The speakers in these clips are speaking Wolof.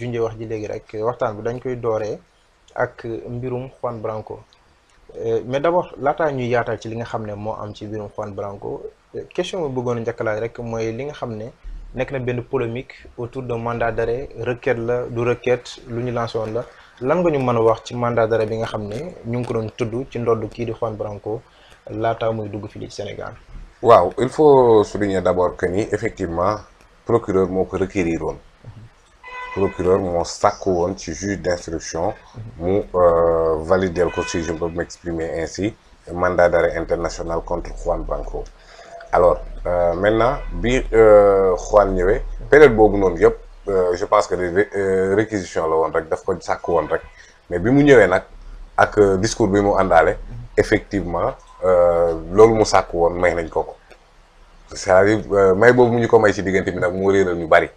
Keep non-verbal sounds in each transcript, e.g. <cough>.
junjee wax ji léegi rek waxtaan bi dañ koy dooree ak mbirum Juan Branco eh, mais d'abord laataa ñuy yaatal ci li nga xam ne moo am ci mbirum Juan Branco eh, question bi bëggoon a njëkkalaaj rek mooy li nga xam ne nekk na benn polémique autour de mandat d'arrêt requête la du requête lu ñu lancé la lan nga ñu mën a wax ci mandat d'arrêt bi nga xam ne ñu ngi ko doon tudd ci ndodd kii di Juan Branco laataa muy dugg fii ci Sénégal. waaw il faut souligner d'abord que ni effectivement procureur moo ko requérir procureur moo sàkk woon ci juge d'instruction mu euh, validel ko si je peux m'exprimer ainsi mandat d'arrêt international contre Juan Branco alors euh, maintenant bi euh, Juan ñëwee période boobu noonu yëpp euh, je pense que réquisition la woon rek daf ko sàkk woon rek mais bi mu ñëwee nag ak discours bi mu àndaale effectivement loolu mu sàkk woon may nañ ko ko c'est-à-dire may boobu mu ñu ko may ci diggante bi nag mu réeral ñu bari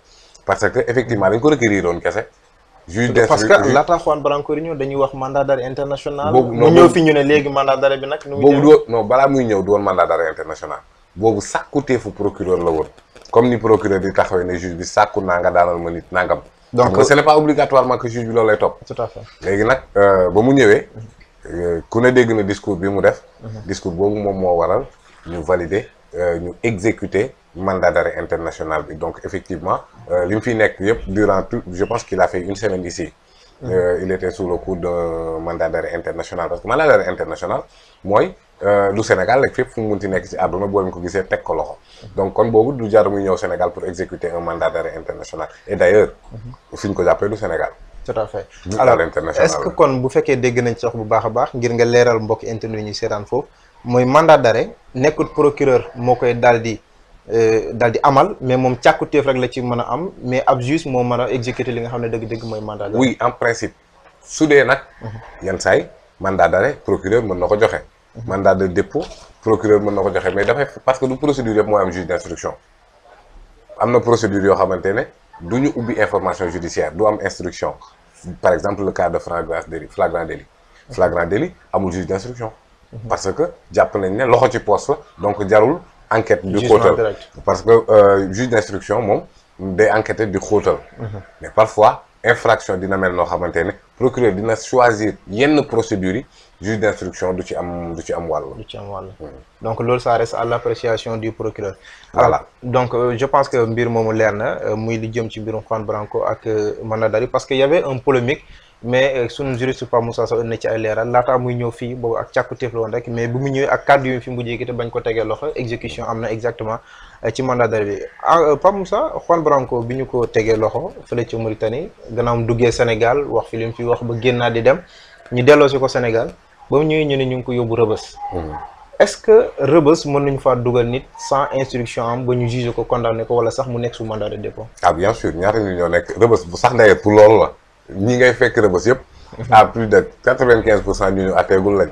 parce que effectivement dañ ko requérir woon kese. parce que laata Juan Brancorino dañuy wax mandat d'arrêt international. boobu mu ñëw fi ñu ne léegi mandat d'arrêt bi nag. nu muy boobu balaa muy ñëw du woon mandat d'arrêt international. boobu sàkkuteefu procureur la woon. comme ni procureur di taxawee ne juge bi sàkku naa nga daanal ma nit nangam. donc ce n'est pas obligatoirement que juge bi loolu lay topp. léegi nag euh, ba mu ñëwee. Euh, ku ne dégg na discours bi mu def. Mhm. discours boobu moom moo waral ñu valider euh, ñu exécuter mandat d'arrêt international bi donc effectivement euh, li fi nekk yëpp durant tout je pense qu'il a fait une semaine ici mm. Euh, il était sous le coup d'un mandat d'arrêt international parce que mandat d'arrêt international mooy lu euh, Sénégal rek fépp fu mu munti nekk ci àdduna boo leen ko gisee teg kon boobu du jaar muy ñëw Sénégal pour exécuter un mandat d'arrêt international et d'ailleurs mm-hmm. fi ñu ko jàppee lu Sénégal tout à fait alors est-ce que kon bu fekkee dégg nañ ci wax bu baax a baax ngir nga leeral mbokk internet yi ñuy seetaan foofu mooy mandat d'arrêt nekkul procureur moo koy daal di Euh, daal di amal mais moom càkku càkkutéef rek la ci mën a am mais ab juge moo mën a exécuter li nga xam ne dëgg-dëgg mooy mandat d'arrêt. oui en principe su dee nag. yenn saay mandat d'arrêt procureur mën na ko joxe. mandat de dépôt procureur mën na ko joxe mais dafay parce que du procédure yëpp mooy am juge d'instruction am na procédure yoo xamante ne du ñu ubbi information judiciaire du am instruction par exemple le cas de flagrant délit flagrant délit flagrant délit amul juge d'instruction parce que jàpp ne loxo ci poste donc jarul enquête di xóotal parce que euh, juge d'instruction moom day enquêter di xóotal mhm. mais parfois infraction dina mel noo xamante ne procureur dina choisir yenn procédures yi juge d'instruction du ci am du ci am wàll. du ci am mhm. donc loolu sa reste à l'appréciation du procureur. voilà donc euh, je pense que mbir moomu leer na euh, muy li jëm ci mbirum Juan Branco ak na Dali parce que y avait un polémique mais euh, sunu juriste Pape Moussa sax indi na ci ay leeral laataa muy ñëw fii boobu ak càkkutéef la woon rek mais bu mu ñëwee ak kàddu yi fi mu jékki ko tegee loxo exécution am na exactement euh, ci mandat d'arrêt bi ah euh, Pape Moussa Juan Branco bi ñu ko tegee loxo fële ci Mauritanie gannaaw mu duggee Sénégal wax fi li mu wax ba génnaat di dem ñu delloosi ko Sénégal ba ñëwee ñu ne ñu ngi ko yóbbu rëbës. Mhm. est-ce que rëbës mën nañu faa dugal nit sans instruction ba ñu juge ko condamné ko wala sax mu nekk sous mandat de dépôt. ah bien sûr ñaata nit ñoo nekk rëbës bu sax ndeyee pour loolu la ñi ngay fekk rëbës yëpp. <laughs> à plus de quatre vingt quinze pour cent ñu ñu atteegul lañ.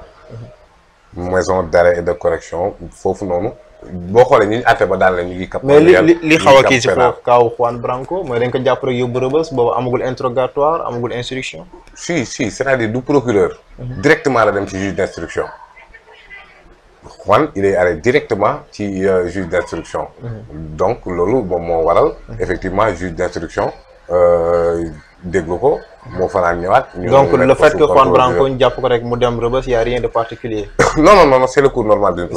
maison d'arrêt et de correction foofu noonu. boo xoolee ñu ñu àtte ba daal la ñu ngi. cap mais li xaw a kii si foofu kaw Juan Branco mooy dañ ko jàpp rek yóbbu rëbës boobu amagul interrogatoire amagul instruction. si si c'est-à-dire du procureur. Mhm. directement la dem ci juge d'instruction. Juan il est allé directement ci euh, juge d'instruction. Mhm. donc loolu moom moo waral. Mhm. effectivement juge d'instruction. Euh, déglu ko moo fanaan ñëwaat. donc le fait que Juan Branco ñu jàpp ko rek mu de particulier. <laughs> non non non c' est le cours d' d'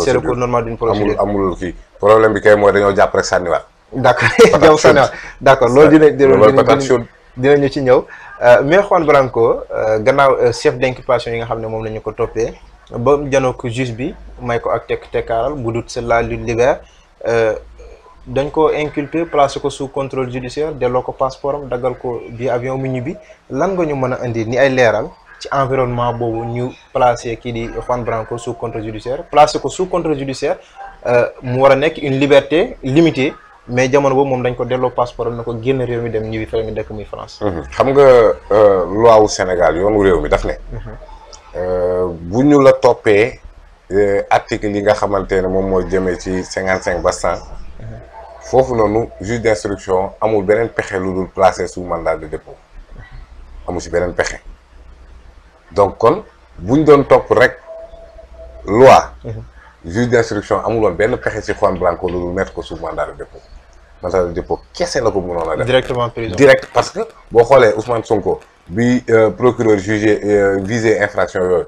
d' accord ci ñëw euh, mais Juan Branco euh, gannaaw euh, chef d' yi nga xam ne moom la ñu ko toppee ba janoo ko juge bi may ko ak tekk tekkaaral bu dut sa la lutte dañ ko inculpé place ko sous contrôle judiciaire delloo ko passeport am daggal ko bi avion mu ñibbi lan nga ñu mën a indi ni ay leeral ci environnement boobu ñu placé kii di Juan Branco sous contrôle judiciaire placé ko sous contrôle judiciaire euh, mu war a nekk une liberté limitée mais jamono boobu moom dañ ko delloo passeport am na ko génn réew mi dem ñibbi fële mi dëkk muy France. xam nga euh, loi wu Sénégal yoonu réew mi daf ne. Euh, bu ñu la toppee article yi nga xamante ne moom moo jëmee ci cinquante cinq ba foofu noonu juge d'instruction amul beneen pexe lu dul placé sous mandat de dépôt amu si beneen pexe donc kon buñ doon topp rek loi mhm. juge d'instruction amul woon benn pexe si Juan Branco lu dul mettre ko su mandat de dépôt mandat de dépôt kese la ko mënoon a def directement direct parce que boo xoolee Ousmane Sonko bi euh, procureur jugé euh, visé infraction yooyu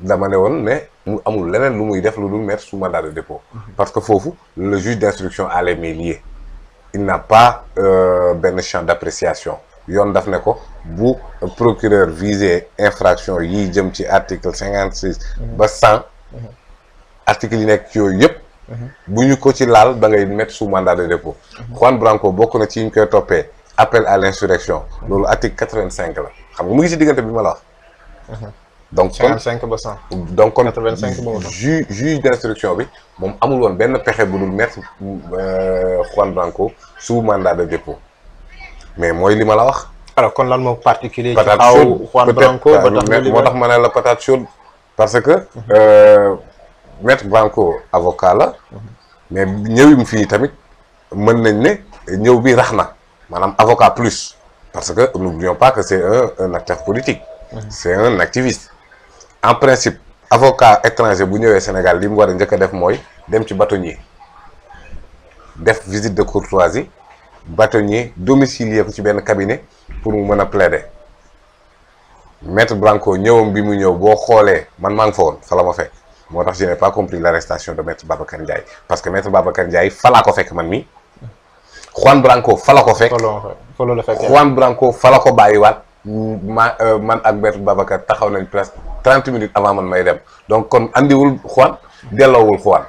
dama ne woon ne mu amul leneen lu muy def lu dul mettre sous mandat de dépôt. parce que foofu le juge d' instruction a les il n'a pas euh, benn champ d' appréciation yoon daf ne ko bu procureur visé infraction yi jëm ci article cinquante six ba cent article yi nekk ci yooyu yëpp. bu ñu ko ci laal ba ngay mettre sous mandat de dépôt. Juan Branco bokk na ci ñu koy toppee appel à l' loolu article quatre vingt cinq la xam nga mu ngi ci diggante bi ma la donc kon 55 ba 100. donc kon 85 ba ju juge d'instruction bi moom amul woon benn pexe bu dul mettre euh, Juan Branco sous mandat de dépôt mais mooy li ma la wax. alors kon lan moo particulier. patate chaude ci Juan Branco tax ma ne la patate chaude parce que mhm. euh, maître Branco avocat la. Mhm. mais ñëwim fii tamit mën nañ ne ñëw bi rax na maanaam avocat plus parce que n'oublions pas que c'est un acteur politique. Mhm. c'est un activiste. en principe avocat étranger bu ñëwee Sénégal li mu war a njëkk a def mooy dem ci bâtonnier def visite de courtoisie bâtonnier domicilier ko ci benn cabinet pour mu mën a plaider maître Branco ñëwam bi mu ñëw boo xoolee man maa ngi fa woon fa ma fekk moo tax je n'ai pas compris l'arrestation de maître Babacar Ndiaye parce que maître Babacar njaay fa ko fekk man mi Juan Branco fa la ko fekk Juan Branco fa la ko bàyyiwaat ma euh, man ak maître Babacar taxaw nañ presque 30 minutes avant man may dem donc kon andiwul Juan delloowul Juan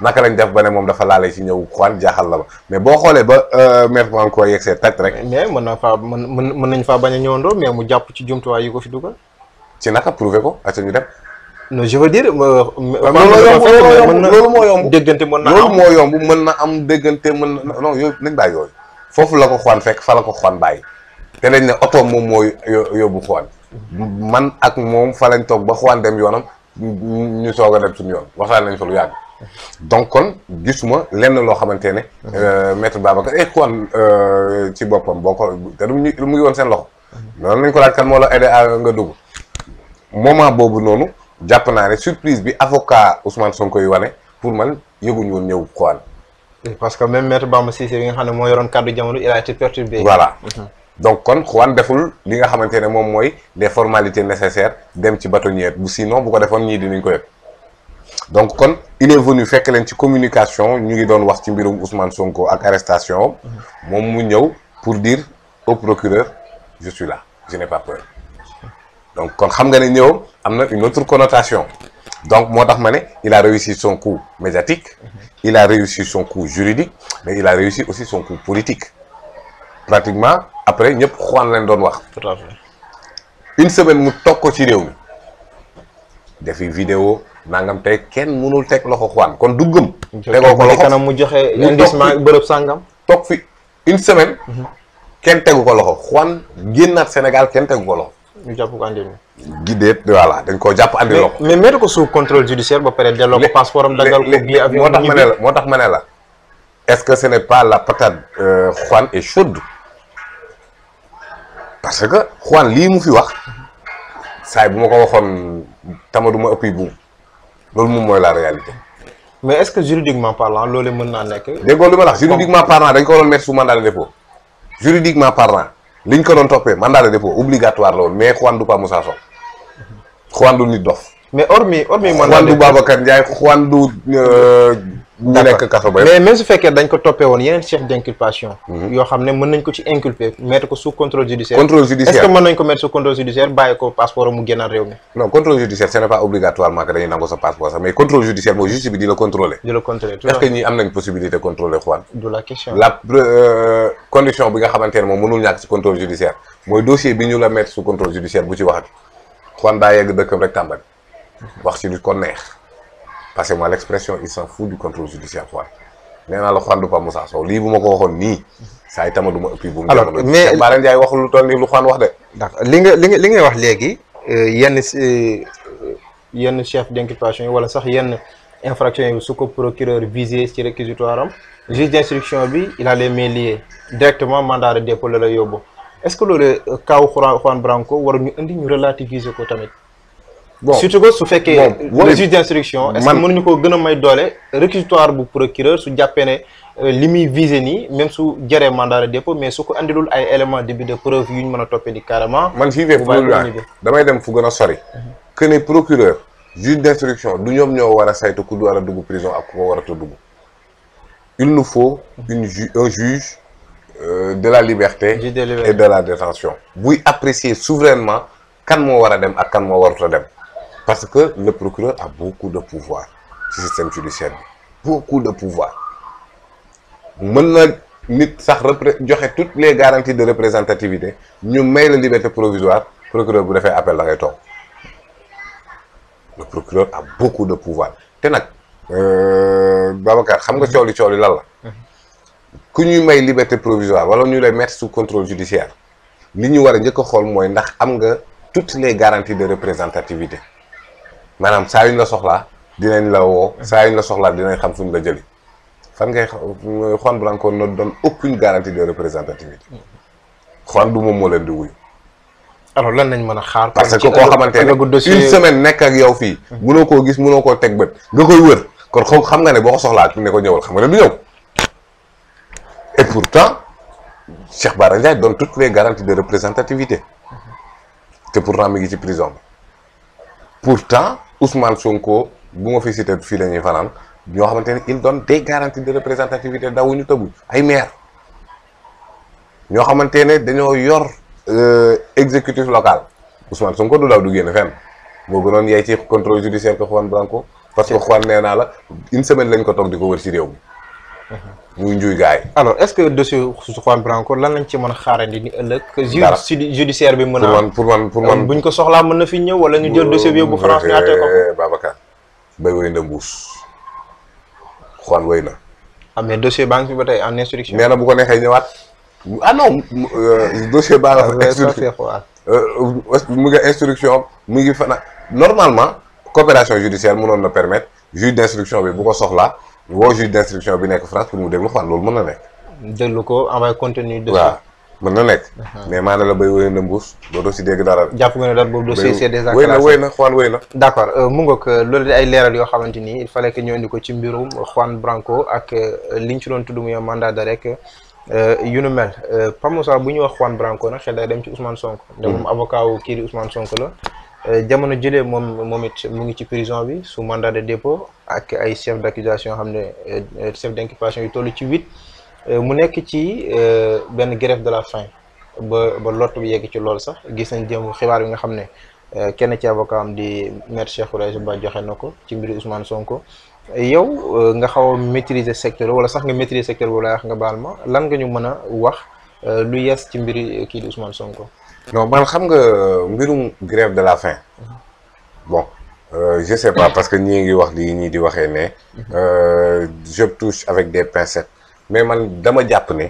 naka lañ def ba ne moom dafa laale ci ñëw Juan jaaxal la ba mais boo xoolee ba euh, maître Branco yegsee taj rek. mais mën na faa mën mën nañ faa bañ a ñëwandoo mais mu jàpp ci jumtuwaay yi ko fi dugal. ci naka prouver ko at ñu dem. non je veux dire. loolu moo yomb déggante mën na am loolu moo yomb mën na am déggante mën na non yooyu nañ bàyyi yooyu foofu la ko Juan fekk fa la ko Juan bàyyi te dañ ne oto moom moo yóbbu Juan. man ak moom fa lañ toog ba xuwaan dem yoonam ñu soog a dem suñu yoon waxtaan nañ lu yàgg. donc kon gisuma lenn loo xamante ne. Euh, maître Babacar et eh, kon euh, ci boppam boo ko te mu ngi woon seen loxo. noonu ko laaj kan nga dugg. moment boobu noonu jàpp naa ne surprise bi avocat Ousmane Sonko yi wane pour man yëguñu woon ñëw xuwaan. parce que ne moo yoroon kàddu jamono il a été perturbé. voilà. Mm-hmm. donc kon Juan deful li nga xamante ne moom mooy les formalités nécessaire dem ci bâtonnière bu sinon bu ko defoon ñii dinañ koy donc kon il est venu fekk leen ci communication ñu ngi doon wax ci mbirum Ousmane Sonko ak arrestation moom mu ñëw pour dire au procureur je suis là je n'ai pas peur donc kon xam nga ne ñëwam am na une autre connotation donc moo tax ma ne il a réussi son coup médiatique il a réussi son coup juridique mais il a réussi aussi son coup pratiquement après ñëpp Juan leen doon wax. tout à une semaine mu toog ko ci réew mi defi vidéo nangam tey kenn mënul teg loxo Juan kon du gëm. tegoo ko loxo kanam mu joxe indice ma bërëb sangam. fi une semaine. Mhm. kenn tegu ko loxo Juan génnaat Sénégal kenn tegu ko loxo. ñu jàpp ko andi guidé voilà dañ koo jàpp andi loxo. mais mettre ko sous contrôle judiciaire ba pare delloo ko passeport am dangal ko moo tax ma ne la moo tax ma ne la est-ce que ce n'est pas la patate euh, Juan est chaude. parce que Juan lii mu fi wax saay bu ma ko waxoon tamadu ma ëpp yi buum loolu moom mooy la réalité. mais est-ce que juridiquement parlant loolee mën naa nekk. déggoo li ma wax juridiquement parlant dañ ko doon mettre sous mandat de juridiquement parlant liñ ko doon toppee mandat de dépôt obligatoire la woon mais Juan du pas Moussa Sow du nit dof. mais hormis hormis. mandat de dépôt Juan du Babacar Ndiaye du. Euh, nekk kaso ba mais yeneen chef d' mhm. yoo xam ne mën nañ ko ci inculper mettre ko sous contrôle judiciaire. contrôle judiciaire est ce judiciaire n' est pas mooy justice bi di la contrôler. est euh, condition bi nga xamante ne moom mënul ñàkk ci contrôle judiciaire mooy dossier bi ñu la mettre sous contrôle bu ci waxati Juan daa yegg dëkkam rek tàmbali wax ci lu parce que moi l'expression il s'en fout du contrôle judiciaire quoi nee la Juan du Pape Moussa Sow lii bu ma ko waxoon nii saa yi tama du ma ëppi bu mu alors mais Bara nii li nga li nga li ngay wax léegi euh, yenn euh, yenn chef d'inculpation yi wala sax yenn infraction yi su ko procureur visé ci réquisitoire am juge d'instruction bi il a les mains liées directement mandat de dépôt la la yóbbu est-ce que loolu kaw euh, Juan Branco waru ñu indi ñu relativiser ko tamit bon surtout que su fekkee. le juge d'instruction. man est-ce que mënuñu ko gën a may doole. réquisitoire bu procureur su jàppee ne euh, li muy visé ni même su jaree mandat de dépôt mais su ko andilul ay éléments début de preuve yu ñu mën a toppee di carrément. man fii fekk damay dem fu gën a sori. Mhm. que ne procureur. juge d'instruction du ñoom ñoo war a saytu ku war a dugg prison ak ku ko war a dugg. il nous faut une ju un juge. Euh, de la liberté. de et de la détention buy apprécier souverainement kan moo war a dem ak kan moo warut dem. parce que le procureur a beaucoup de pouvoir ci système judiciaire bi beaucoup de pouvoir mën na nit sax repre joxe toutes les garanties de représentativité ñu may la liberté provisoire procureur bu defee appel da ngay toog le procureur a beaucoup de pouvoir te nag euh, Babacar xam nga coow li coow lan la ku ñuy may liberté provisoire wala ñu lay mettre sous contrôle judiciaire li ñu war a njëkk xool mooy ndax am nga toutes les garanties de représentativité maanaam saa yuñ la soxlaa dinañ la woo saa yuñ la soxlaa dinañ xam fuñ la jëli fan ngay Juan Branco ne donne aucune garantie de représentativité Juan du moom moo leen di wuyu. lan nañ mën a xaar. parce que koo xamante ne une semaine nekk ak yow fii. Hmm. mënoo koo gis mënoo koo teg bët nga koy wër kon xaw xam nga ne boo ko soxlaa ne ko ñëwal xam nga ne du ñëw et pourtant Cheikh Bara Ndiaye donne toutes les garanties de représentativité hmm. te pourtant mi ngi ci prison pourtant Ousmane Sonko bu ma fi cité fii la ñuy fanaan ñoo xamante ne il donne des garanties de représentativité ñu tëbu ay maire ñoo xamante ne dañoo yor euh, exécutif local Ousmane Sonko du daw du génn fenn moo gënoon yaay ci contrôle judiciaire que Juan Branco parce que Juan nee naa la une semaine lañ ko toog di ko wër ci réew mi. muy njuuy gaay alors est-ce que dossier Juan Branco lan lañ ci mën a xaarandi ni ëllëg. dara judiciaire bi mën a. pour man pour euh, man buñ ko soxlaa mën na fi ñëw wala ñu jël dossier bi yóbbu France ñu àttee ko. Eh, Babacar bay wéy na mbuus Juan na. ah mais dossier baa ngi fi en instruction. nee na bu ko neexee ñëwaat. ah non euh, dossier baa ah, nga euh, mu ngi instruction mu ngi fana normalement coopération judiciaire mënoon na permettre juge d'instruction bi bu ko soxlaa. ñu woo juge d'instruction bi nekk France pour mu déglu xool loolu mën na nekk. déglu ko envoyé contenu. de waaw mën na nekk. mais maa ne la béy wéy na mbuus dootoo si dégg dara. jàpp nga ne daal boobu dossier c'est déjà wéy na wéy na Juan wéy na. d' euh, euh, loolu di ay leeral yoo xamante ni il fallait que ñu indi ko ci mbirum Juan Branco ak euh, liñ ci doon tudd muy mandat de rek yu nu mel Pape Moussa bu ñu wax Juan Branco na xel day dem ci Ousmane Sonko. te hmm. moom avocat wu kii di la. Euh, jamono jëlee moom moom it mu ngi ci prison bi sous mandat de dépôt ak ay chef d'accusation yoo xam ne euh, chef d'inculpation yu toll ci huit euh, mu nekk ci benn grève de la faim ba ba lott bi yegg ci lool sax gis nañ jëm xibaar bi nga xam ne kenn ci avocat am di maître Cheikh Khoureyssi Ba joxe na ko ci mbiru Ousmane Sonko yow nga xawa a maîtriser secteur wala sax nga maîtriser secteur boobu laa wax nga baal ma lan nga ñu mën a wax lu yes ci mbiri kii di Ousmane Sonko. non man xam nga euh, mbirum grève de la faim bon euh, je sais pas parce que ñii ngi wax lii ñii di waxee ne euh, je touche avec des pincettes mais man dama jàpp ne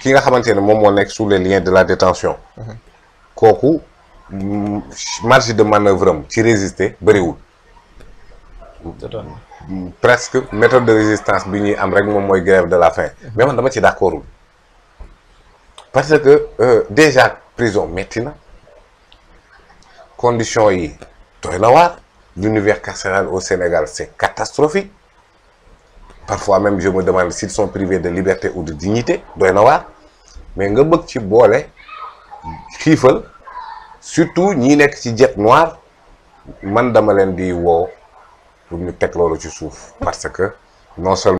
ki nga xamante ne moom moo nekk sous les liens de la détention kooku mm, marge de manœuvre am ci résister bëriwul presque méthode de résistance bi ñuy am rek moom mooy grève de la faim mais man dama ci d'accordul parce que euh, déjà prison metti na condition yi doy na waar l'univers carcéral au Sénégal c'est catastrophique parfois même je me demande s'ils sont privés de liberté ou de dignité doy na waar mais nga bëgg ci boole xiifal surtout ñi nekk ci jet noir man dama leen di woow pour ñu teg loolu ci suuf parce que non seulement